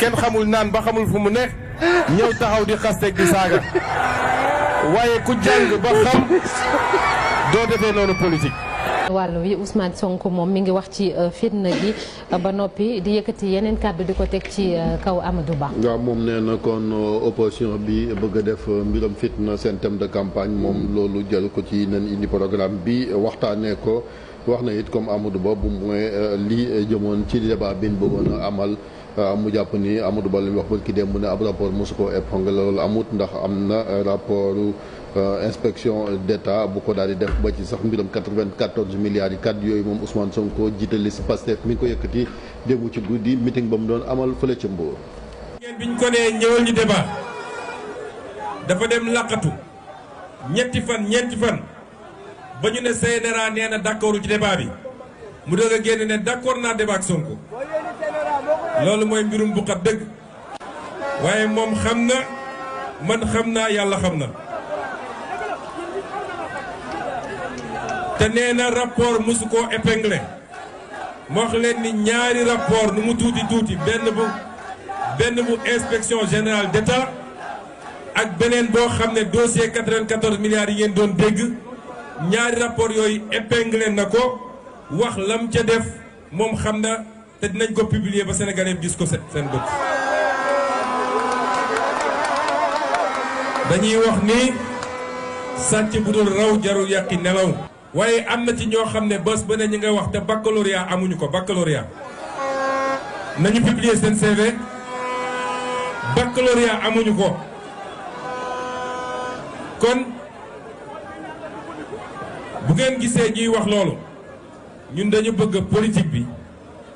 kenn xamul naan ba xamul fu mu ne ñëw taxaw di xasteeg di saaga waaye ku jàng ba xam doo defee noonu politique. wàllu wi Ousmane Sonko moom mi ngi wax ci euh, fitna gi ba noppi di yëkkati yeneen kàddu di ko teg ci euh, kaw Amadou Ba. waaw moom nee na kon euh, opposition bi bëgg def mbiram fitna seen thème de campagne moom loolu jël ko ci nañ indi programme bi waxtaanee ko wax na it comme Amadou Ba bu mooy lii jëmoon ci débat bi ñu bëggoon amal. Amu japp ni Amadou ball wax ba ki dem mu ne ab rapport musuko e épingle lol amut ndax amna na eh, rapport eh, inspection d'État bu ko daal di def ba ci sax mbirum 94 milliards kat yoy mom Ousmane Sonko jiitali si Pastef mi ko yekati démb ci goudi meeting bam don amal fele ci Mbour. ngeen biñ ko ne ñewal ñu débat dafa dem laqatu ñetti fan ñetti fan ba ñu ne CNRA nee d'accordu ci débat bi mu doog a génn ne d' débat ak Sonko. loolu moy mbirum bu deug waye mom xamna man xamna Yalla, xamna rapport musuko épinglé ñaari rapport nu mu tuti bu benn bu inspection générale d'État ak benen bo dossier 94 milliards yi ngeen ñaari rapport épinglé na wax lam te dinañ ko publier ba sénégalais gis ko sen bët dañuy wax ni sàcc bu dul raw jaru yàqi nelaw waye amna ci ño xam bëss bés ba ne ñi nga wax te baccalauréat amuñu ko baccalauréat nañu publier sen CV baccalauréat amuñu ko kon bu ngeen gisee ñuy wax loolu ñun dañu bëgg politique bi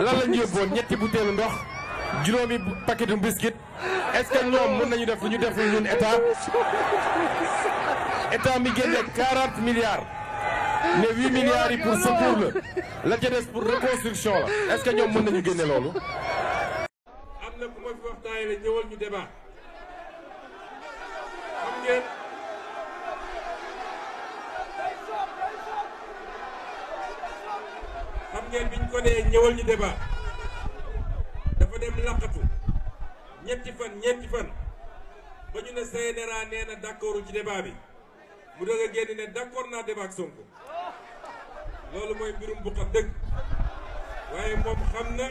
lan lañ yóbboon ñetti butéelu ndox juróomi paquetu biscuit est-ce que ñoom mën nañu def lu ñu def ñun état état mi génne 40 milliards ne 8 pour secours la la ca des pour reconstruction la est ñoom mën nañu génne loolu. am na ku ñu débat ko nee ñu débat dafa dem laqatu ñetti fan ñetti fan ba ñu ne CNRA nee na d'accord ci débat bi mu doog a génn ne d'accord naa débat ak Sonko loolu mooy mbirum bu xam dëgg waaye moom xam na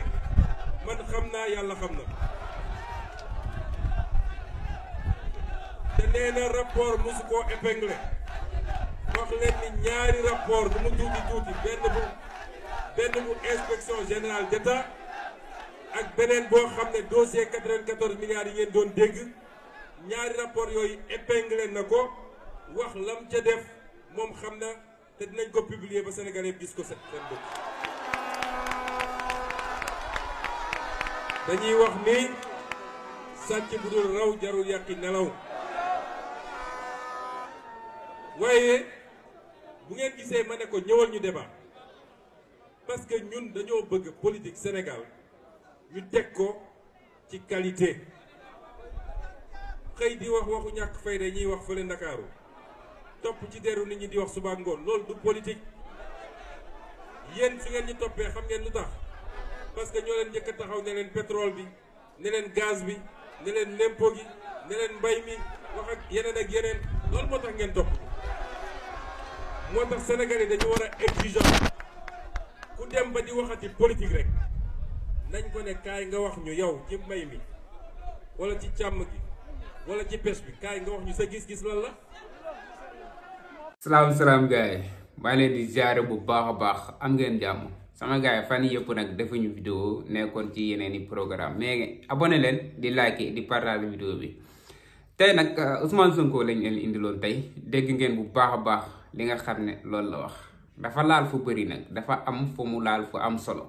man xam naa yàlla xam na te nee na rapport mosu koo épinglé ni ñaari rapport lu mu tuuti tuuti benn bu benn bu inspection générale d'État ak beneen boo xam ne dossier 94 milliards yi ngeen doon dégg ñaari rapport yooyu épinglé na ko wax lam ca def moom xam na te dinañ ko publier ba Sénégalais gis ko seen bopp dañuy wax ni sàcc bu dul raw jarul yàqi nelaw waaye bu ngeen gisee ma ne ko ñëwal ñu débat parce que ñun dañoo bëgg politique Sénégal ñu teg ko ci qualité xëy di wax waxu ñàkk fayda ñuy wax fële Ndakaaru topp ci deru nit ñi di wax suba ngoon loolu du politique yéen su ngeen ñu toppee xam ngeen lu tax parce que ñoo leen njëkk taxaw ne leen pétrole bi ne leen gaz bi ne leen lempo gi ne leen mbay mi wax ak yeneen ak yeneen loolu moo tax ngeen topp moo tax Sénégalais dañu war a exigeant ku dem ba di waxati politique rek nañ ko ne kaay nga wax ñu yow ci mbay mi wala ci càmm gi wala ci pêche bi kaay nga wax ñu sa gis-gis lan la. salaam salaam gars yi maa leen di jaare bu baax a baax am ngeen jàmm sama gars yi fan yëpp nag defuñu vidéo nekkoon ci yeneen i programme mais abonné leen di like di partage vidéo bi. tey nag euh, Ousmane Sonko lañ leen indiloon tey dégg ngeen bu baax a baax li nga xam ne loolu la wax. dafa laal fu bëri nag dafa am fu mu laal fu am solo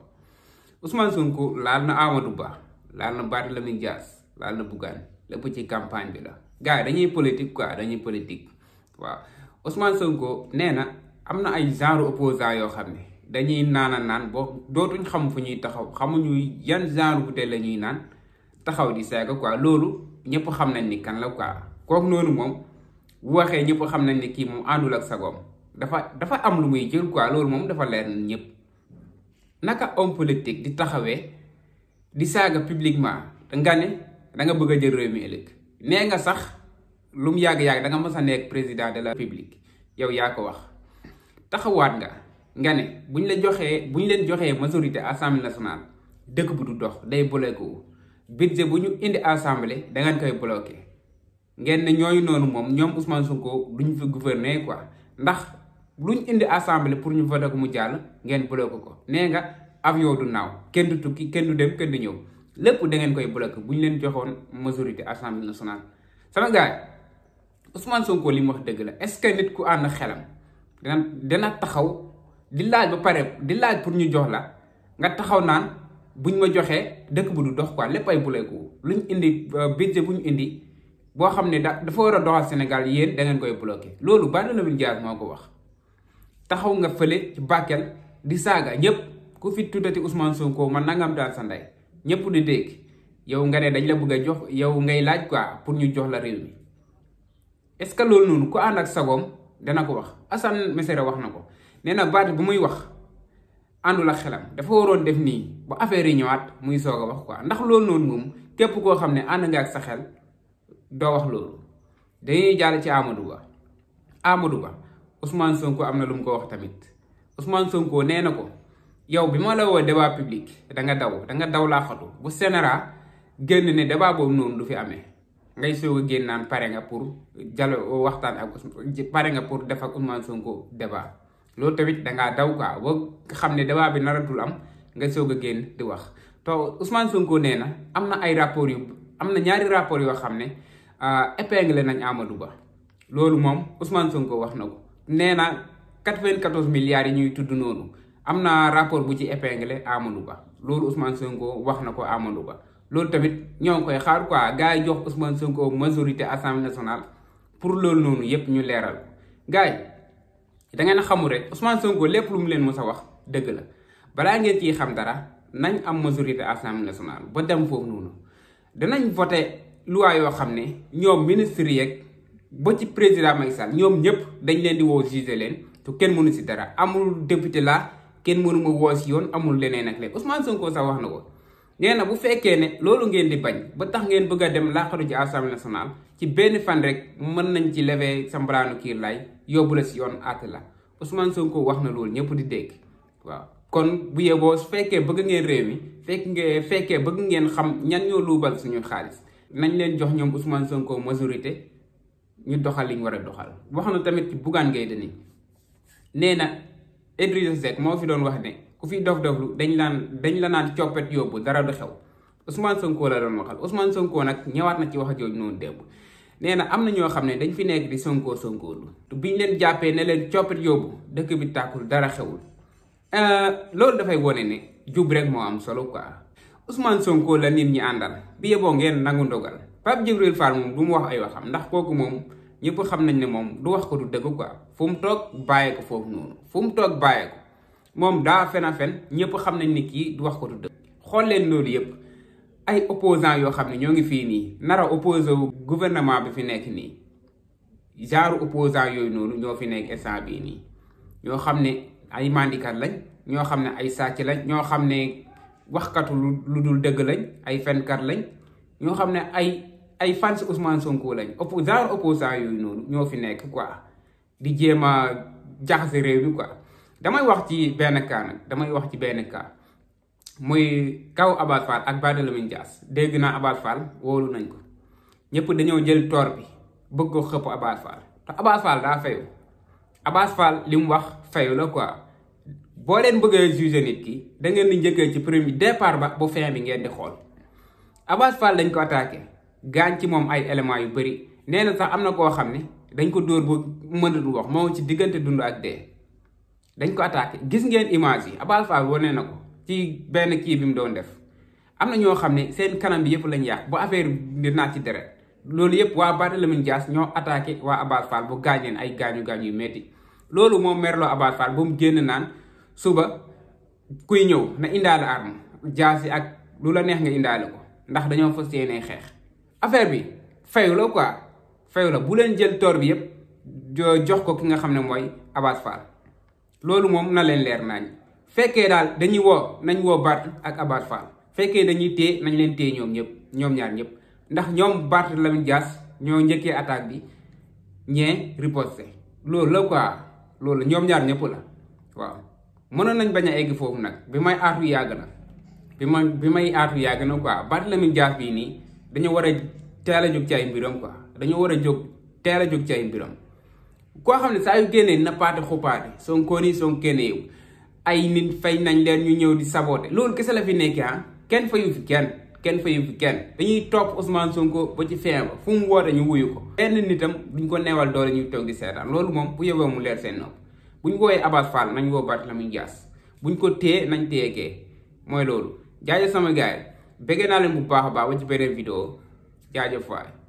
Ousmane Sonko laal na Amadou Ba laal na Barthélémy Dias laal na Bougane lépp ci campagne bi la gars dañuy politique quoi dañuy politique waaw Ousmane Sonko nee na am na ay genre opposant yoo xam ne dañuy naan a naan boo dootuñ xam fu ñuy taxaw xamuñu yan genre bouteille la ñuy naan taxaw di saaga quoi loolu ñëpp xam nañ ni kan la quoi kook noonu moom bu waxee ñëpp xam nañ ni kii moom àndul ak sagoom dafa dafa am lu muy jël quoi loolu moom dafa leer na ñëpp naka homme politique di taxawee di saaga publiquement te nga ne danga nga bëgg a jël réew mi ëllëg nee nga sax lu mu yàgg-yàgg da nga a nekk président de la publique yow yaa ko wax taxawaat nga nga ne bu ñu la joxee bu ñu leen joxee majorité assemblée nationale dëkk bu du dox day bloqué wu budget bu ñu indi assemblée da ngeen koy bloqué ngeen ne ñooñu noonu moom ñoom Ousmane Sonko duñ fi gouverner quoi ndax. luñ indi assemblée pour ñu voté ko mu jàll ngeen bloqué ko nee nga avion du naaw kenn du tukki kenn du dem kenn du ñëw lépp da ngeen koy bloqué bu ñu leen joxoon majorité assemblée nationale. sama gars yi Ousmane Sonko li mu wax dëgg la est-ce que nit ku ànd xelam dana dana taxaw di laaj ba pare di laaj pour ñu jox la nga taxaw naan buñ ma joxee dëkk bu du dox quoi lépp ay bloqué lu ñu indi euh, budget bu ñu indi. boo xam ne da dafa war a doxal Sénégal yéen da ngeen koy bloqué loolu Barthélémy Dias moo ko wax taxaw nga fele ci Bakel di saga ñep ku fi tudati Ousmane Sonko man nangam daal sa nday ñep di deg yow nga ne dañ la bëgg jox yow ngay laaj quoi pour ñu jox la réew mi est ce que lool ku and ak sagoom dana ko wax asan messere wax nako neena baat bu muy wax àndul ak xelam dafa waroon def ni bu affaire yi ñëwaat muy soga wax quoi ndax lool noonu mum képp koo xam ne ànd nga ak sa xel doo wax loolu dañuy ci Amadou Ba Amadou Ba Ousmane Sonko am na lu mu ko wax tamit Ousmane Sonko nee na ko yow bi ma la woo débat public da nga daw laa xatu bu sénéra génn ne débat boobu noonu du fi amee ngay soog génn naan pare nga pour jalo waxtaan ak pare nga pour def Sonko débat loolu tamit dangaa daw quoi xam ne débat bi naratul am nga soog a génn di wax te Ousmane Sonko nee na am na ay rapport yu am na ñaari rapport yoo xam ne ah, épinglé nañ Amadou Ba loolu moom Ousmane Sonko wax na ko nee na 94 milliards yi ñuy tudd noonu am na rapport bu ci épinglé Amadou Ba loolu Ousmane Sonko wax na ko Amadou Ba loolu tamit ñoo ngi koy xaar quoi gars yi jox Ousmane Sonko majorité assemblée nationale pour loolu noonu yépp ñu leeral gars yi da ngeen xamul rek Ousmane Sonko lépp lu mu leen mos a wax dëgg la balaa ngeen ciy xam dara nañ am majorité assemblée nationale ba dem foofu noonu danañ voté loi yoo xam ne ñoom ministre yeeg. ba ci président may Sall ñoom ñëpp dañ leen di woo juge leen te kenn mënu si dara amul député la kenn mënu ma woo si yoon amul leneen ak leen Ousmane Sonko sax wax na ko nee na bu fekkee ne loolu ngeen di bañ ba tax ngeen bëgg a dem laaxatu ci assemblée nationale ci benn fan rek mën nañ ci lever sa mbalaanu kiir yóbbu la si yoon àtt la Ousmane Sonko wax na loolu ñëpp di dégg waaw kon bu yeboo su fekkee bëgg ngeen réew mi fekk ngeen fekkee bëgg ngeen xam ñan ñoo luubal suñu xaalis nañ leen jox ñoom Ousmane Sonko majorité. ñu doxal li war a doxal wax na tamit ci Bougane Gueye Dany nee na Idrissa moo fi doon wax ne ku fi dof-doflu dañ laan dañ la naan coppet yóbbu dara du xew Ousmane Sonko la doon waxal nag ñëwaat na ci wax jooju noonu démb nee na am na ñoo xam ne dañ fi nekk di Sonko Sonko lu biñ leen jàppee ne leen coppet yóbbu dëkk bi tàkkul dara xewul euh, loolu dafay wone ne jub rek moo am solo quoi Ousmane Sonko la nit ñi àndal bi yeboo ngeen nangu ndogal. Pape Djibril Fall moom du mu wax ay waxam ndax kooku moom ñëpp xam nañ ne moom du wax ko du dëgg quoi fu mu toog bàyyee foofu noonu fu mu toog bàyyee moom daa fen a fen ñëpp xam nañ ne kii du wax ko du dëgg xool leen loolu yëpp ay opposant yoo xam ne ñoo ngi fii nii nara opposé wu gouvernement bi fi nekk nii genre opposant yooyu noonu ñoo fi nekk instant bii nii ñoo xam ne ay mandikat lañ ñoo xam ne ay sàcc lañ ñoo xam ne waxkatu lu dul dëgg lañ ay fenkat lañ ñoo xam ne ay ay fans Ousmane Sonko lañ opo genre opposant yooyu noonu ñoo fi nekk quoi di jéem a jaxase réew mi quoi damay wax ci benn cas damay wax ci benn cas muy kaw Abass Fall ak Barthélémy Dias dégg naa Abass Fall nañ ko ñëpp dañoo jël toor bi bëgg ko xëpp Abass Fall te li mu wax fayu la quoi boo leen bëggee juge nit ki da ngeen di njëkkee ci premier départ ba bu fin bi ngeen di xool Abass Fall ko gaañ ci moom ay éléments yu bari nee na sax am na koo xam ne dañ ko dóor bu mënatu wax moo ci diggante dund ak dee dañ ko attaqué gis ngeen image yi Abaal Fall wane na ko ci benn kii bi mu doon def am na ñoo xam ne seen kanam yëpp lañ yàq bu affaire bi naat ci deret loolu yëpp waa Barthélémy jaas ñoo attaqué waa Abaal Fall bu gaañ ay gaañu gaañ yu metti loolu moom merloo Abaal Fall ba mu génn naan suba kuy ñëw na indaale arme jaas yi ak lu la neex nga indaale ko ndax dañoo fas yéenee xeex. affaire bi fayu la quoi fayu la bu leen jël toor bi yëpp jox ko ki nga xam ne mooy Abass Fall loolu moom na leen leer naañ fekkee daal dañuy woo nañ woo baat ak Abass Fall fekkee dañuy téye nañ leen téye ñoom ñëpp ñoom ñaar ñëpp ndax ñoom baat Lamine Dias ñoo njëkkee attaque bi ñee riposté loolu la quoi loolu ñoom ñaar ñëpp la waaw mënoon nañ bañ a egg foofu nag bi may aatu yàgg na bi ma bi may aatu yàgg na quoi Barth Lamine Dias bii nii dañu war a teel a jóg ci ay mbiram quoi dañu war a jóg teel a jóg ci ay mbiram koo xam ne saa yu génnee nappaate xuppaate Sonkoon yi Sonkeen yi ay nit fay nañ leen ñu ñëw di saboté loolu kese la fi nekkee ah kenn fayu fi kenn kenn fayu fi kenn dañuy topp Ousmane Sonko ba ci fin ba fu mu woote ñu wuyu ko benn nitam duñ ko neewal doole ñuy toog di seetaan loolu moom bu yóbboo mu leer seen nopp buñ ko woowee Abass Fall nañ woo Barthélémy Dias buñ ko téye nañ téye kee mooy loolu jaajëf sama gars yi bëggee naa leen bu baax a baax ba ci beneen vidéo jaajëf waay